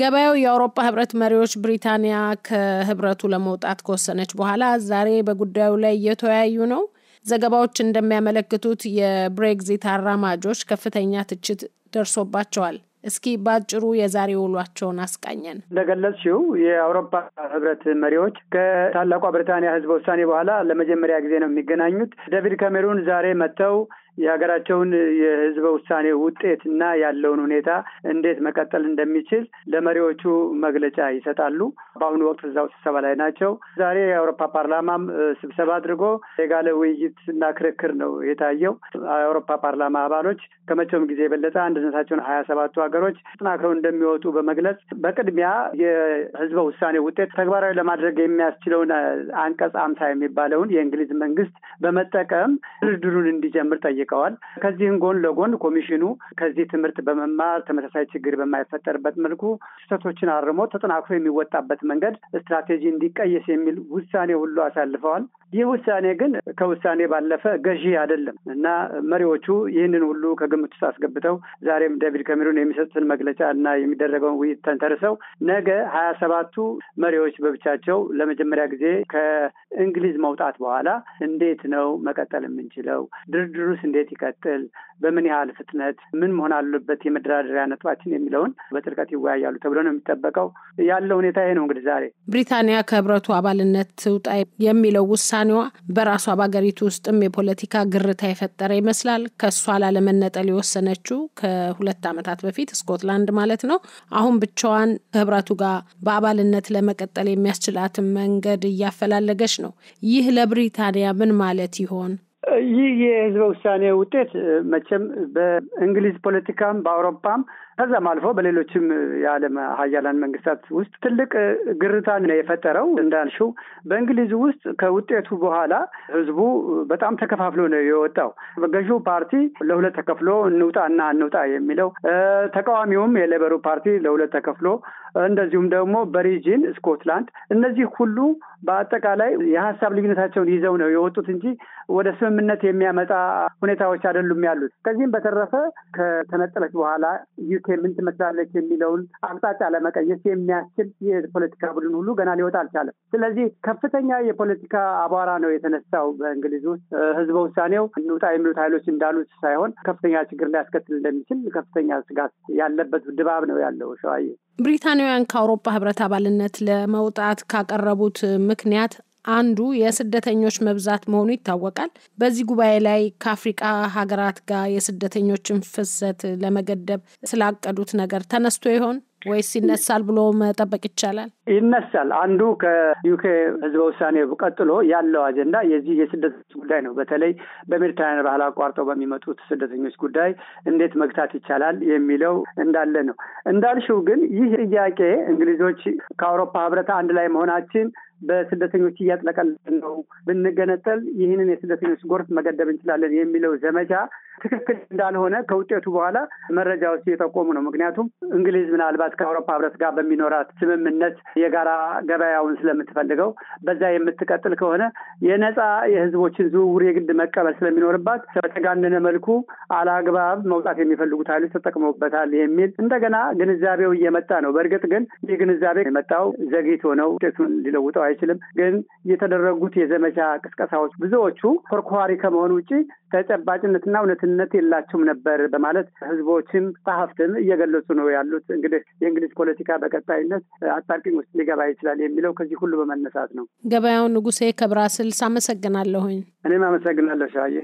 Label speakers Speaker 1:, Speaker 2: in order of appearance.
Speaker 1: ገበያው የአውሮፓ ህብረት መሪዎች ብሪታንያ ከህብረቱ ለመውጣት ከወሰነች በኋላ ዛሬ በጉዳዩ ላይ እየተወያዩ ነው። ዘገባዎች እንደሚያመለክቱት የብሬግዚት አራማጆች ከፍተኛ ትችት ደርሶባቸዋል። እስኪ ባጭሩ የዛሬ ውሏቸውን አስቃኘን።
Speaker 2: እንደገለጽሽው የአውሮፓ ህብረት መሪዎች ከታላቋ ብሪታንያ ህዝበ ውሳኔ በኋላ ለመጀመሪያ ጊዜ ነው የሚገናኙት። ዴቪድ ካሜሩን ዛሬ መጥተው የሀገራቸውን የህዝበ ውሳኔ ውጤት እና ያለውን ሁኔታ እንዴት መቀጠል እንደሚችል ለመሪዎቹ መግለጫ ይሰጣሉ። በአሁኑ ወቅት እዛው ስብሰባ ላይ ናቸው። ዛሬ የአውሮፓ ፓርላማም ስብሰባ አድርጎ የጋለ ውይይት እና ክርክር ነው የታየው። የአውሮፓ ፓርላማ አባሎች ከመቼውም ጊዜ የበለጠ አንድነታቸውን ሀያ ሰባቱ ሀገሮች ተጠናክረው እንደሚወጡ በመግለጽ በቅድሚያ የህዝበ ውሳኔ ውጤት ተግባራዊ ለማድረግ የሚያስችለውን አንቀጽ አምሳ የሚባለውን የእንግሊዝ መንግስት በመጠቀም ድርድሩን እንዲጀምር ጠይቀዋል። ከዚህም ጎን ለጎን ኮሚሽኑ ከዚህ ትምህርት በመማር ተመሳሳይ ችግር በማይፈጠርበት መልኩ ስህተቶችን አርሞ ተጠናክሮ የሚወጣበት መንገድ ስትራቴጂ እንዲቀየስ የሚል ውሳኔ ሁሉ አሳልፈዋል። ይህ ውሳኔ ግን ከውሳኔ ባለፈ ገዢ አይደለም እና መሪዎቹ ይህንን ሁሉ ከግምት ውስጥ አስገብተው ዛሬም ዴቪድ ከሜሩን የሚሰጡትን መግለጫ እና የሚደረገውን ውይይት ተንተርሰው ነገ ሀያ ሰባቱ መሪዎች በብቻቸው ለመጀመሪያ ጊዜ ከእንግሊዝ መውጣት በኋላ እንዴት ነው መቀጠል የምንችለው? ድርድሩስ እንዴት ይቀጥል? በምን ያህል ፍጥነት ምን መሆን አሉበት የመደራደሪያ ነጥባችን የሚለውን በጥልቀት ይወያያሉ ተብሎ ነው የሚጠበቀው። ያለው ሁኔታ ይሄ ነው። እንግዲህ ዛሬ
Speaker 1: ብሪታንያ ከህብረቱ አባልነት ትውጣ የሚለው ውሳኔ ውሳኔዋ በራሷ በሀገሪቱ ውስጥም የፖለቲካ ግርታ የፈጠረ ይመስላል። ከእሷ ላለመነጠል የወሰነችው ከሁለት ዓመታት በፊት ስኮትላንድ ማለት ነው። አሁን ብቻዋን ከህብረቱ ጋር በአባልነት ለመቀጠል የሚያስችላትን መንገድ እያፈላለገች ነው። ይህ ለብሪታንያ ምን ማለት ይሆን?
Speaker 2: ይህ የህዝበ ውሳኔ ውጤት መቼም በእንግሊዝ ፖለቲካም በአውሮፓም ከዛም አልፎ በሌሎችም የዓለም ሀያላን መንግስታት ውስጥ ትልቅ ግርታን ነው የፈጠረው። እንዳልሽው በእንግሊዝ ውስጥ ከውጤቱ በኋላ ህዝቡ በጣም ተከፋፍሎ ነው የወጣው። በገዢው ፓርቲ ለሁለት ተከፍሎ እንውጣ እና እንውጣ የሚለው ተቃዋሚውም የሌበሩ ፓርቲ ለሁለት ተከፍሎ እንደዚሁም ደግሞ በሪጅን ስኮትላንድ፣ እነዚህ ሁሉ በአጠቃላይ የሀሳብ ልዩነታቸውን ይዘው ነው የወጡት እንጂ ወደ ስምምነት የሚያመጣ ሁኔታዎች አይደሉም ያሉት። ከዚህም በተረፈ ከተነጠለች በኋላ ዩክሬን ምን ትመስላለች የሚለውን አቅጣጫ ለመቀየስ የሚያስችል የፖለቲካ ቡድን ሁሉ ገና ሊወጣ አልቻለም። ስለዚህ ከፍተኛ የፖለቲካ አቧራ ነው የተነሳው በእንግሊዝ ውስጥ። ህዝበ ውሳኔው እንውጣ የሚሉት ኃይሎች እንዳሉት ሳይሆን ከፍተኛ ችግር ሊያስከትል እንደሚችል ከፍተኛ ስጋት ያለበት ድባብ ነው ያለው ሸዋዬ።
Speaker 1: ብሪታንያውያን ከአውሮፓ ህብረት አባልነት ለመውጣት ካቀረቡት ምክንያት አንዱ የስደተኞች መብዛት መሆኑ ይታወቃል። በዚህ ጉባኤ ላይ ከአፍሪቃ ሀገራት ጋር የስደተኞችን ፍሰት ለመገደብ ስላቀዱት ነገር ተነስቶ ይሆን ወይስ ይነሳል ብሎ መጠበቅ ይቻላል?
Speaker 2: ይነሳል። አንዱ ከዩኬ ህዝበ ውሳኔ ቀጥሎ ያለው አጀንዳ የዚህ የስደተኞች ጉዳይ ነው። በተለይ በሜዲትራኒያን ባህር አቋርጠው በሚመጡት ስደተኞች ጉዳይ እንዴት መግታት ይቻላል የሚለው እንዳለ ነው። እንዳልሽው ግን ይህ ጥያቄ እንግሊዞች ከአውሮፓ ህብረት አንድ ላይ መሆናችን በስደተኞች እያጥለቀለቅን ነው፣ ብንገነጠል ይህንን የስደተኞች ጎርፍ መገደብ እንችላለን የሚለው ዘመቻ ትክክል እንዳልሆነ ከውጤቱ በኋላ መረጃዎች እየጠቆሙ ነው። ምክንያቱም እንግሊዝ ምናልባት ከአውሮፓ ህብረት ጋር በሚኖራት ስምምነት የጋራ ገበያውን ስለምትፈልገው በዛ የምትቀጥል ከሆነ የነፃ የህዝቦችን ዝውውር የግድ መቀበል ስለሚኖርባት በተጋነነ መልኩ አላግባብ መውጣት የሚፈልጉት ኃይሎች ተጠቅመውበታል የሚል እንደገና ግንዛቤው እየመጣ ነው። በእርግጥ ግን ይህ ግንዛቤ የመጣው ዘግይቶ ነው። ውጤቱን ሊለውጠው አይችልም። ግን የተደረጉት የዘመቻ ቅስቀሳዎች ብዙዎቹ ኮርኳሪ ከመሆኑ ውጭ ተጨባጭነትና እውነት መስዋዕትነት የላቸውም ነበር በማለት ህዝቦችም ጸሐፍትም እየገለጹ ነው ያሉት። እንግዲህ የእንግሊዝ ፖለቲካ በቀጣይነት አጣብቂኝ ውስጥ ሊገባ ይችላል የሚለው ከዚህ ሁሉ በመነሳት ነው።
Speaker 1: ገበያው ንጉሴ ከብራስልስ አመሰግናለሁኝ።
Speaker 2: እኔም አመሰግናለሁ ሸዋዬ።